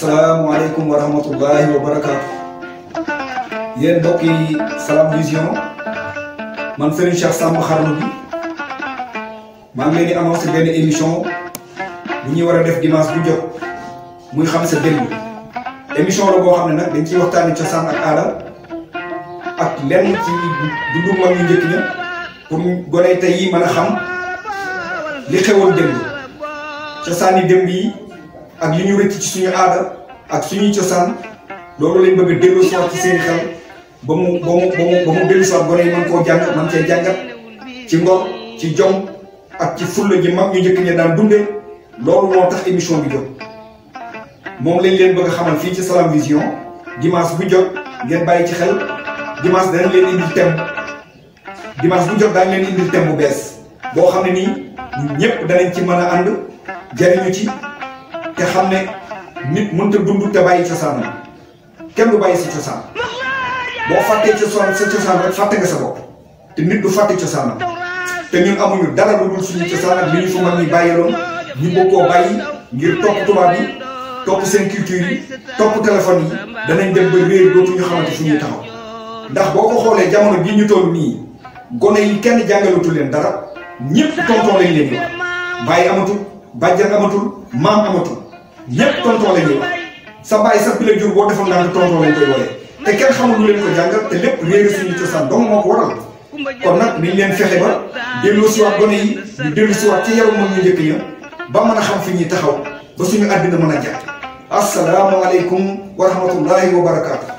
asalaamualeykum wa rahmatullahi wa barakaatu. yéen mbokk yi Salam Vision man Serigne Cheikh Samb xarnu bi maa leen di annoncé benn émission bu ñuy war a def dimanche bu jot muy xam sa démb émission la boo xam ne nag dañ ciy waxtaanee cosaan ak aada ak lenn ci dundu mag ñu njëkk ña pour gone tey yi a xam li xewoon démb cosaani démb yi. ak li ñu rëcc ci suñu aada ak suñuy cosaan loolu lañ bëgg a dellu soit ci seen xel ba mu ba mu ba mu ba mu dellu soit gone yi mën koo jàng mën cee jàngat ci ngor ci jom ak ci fulla ji mag ñu njëkk ña daan dundee loolu moo émission bi jóg moom lañ leen bëgg xamal fii ci Salam Vision dimanche bu jot ngeen bàyyi ci xel dimanche danañ leen indil thème dimanche bu jot daañu leen indil thème bees boo xam ne nii ñun ñëpp danañ ci mën a ànd jariñu ci te xam ne nit mënta dund te bàyyi cosaanam kenn du bàyyi sa cosaan boo fàttee sa cosaan rek fàtte nga sa bopp te nit du fàtte cosaanam te ñun amuñu dara lu dul suñu cosaan ak li ñu fa mag ñi bàyyiloon ñu bokkoo bàyyi ngir topp tubaab yi topp seen culture yi topp téléphone yi danañ dem ba réer dootuñu xamante fu ñuy taxaw ndax boo ko xoolee jamono bii ñu toll nii gone yi kenn jàngalatu leen dara ñëpp tonton lañ leen wax bàyyi amatul bàjjan amatul maam amatul ñépp tontoo la ñuy wax sa bàyyi sa pile jur boo defoon ndànk tontoo lañ koy te kenn xamul lu leen ko jàngal te lépp réere suñu cosaan dong moo ko waral kon nag niñ leen fexe ba si siwaat gone yi ñu dellu siwaat ci yaru mag ñu njëkk ña ba mën a xam fi ñuy taxaw ba suñu àddina mën a jaar asalaamaaleykum wa rahmatullahi wa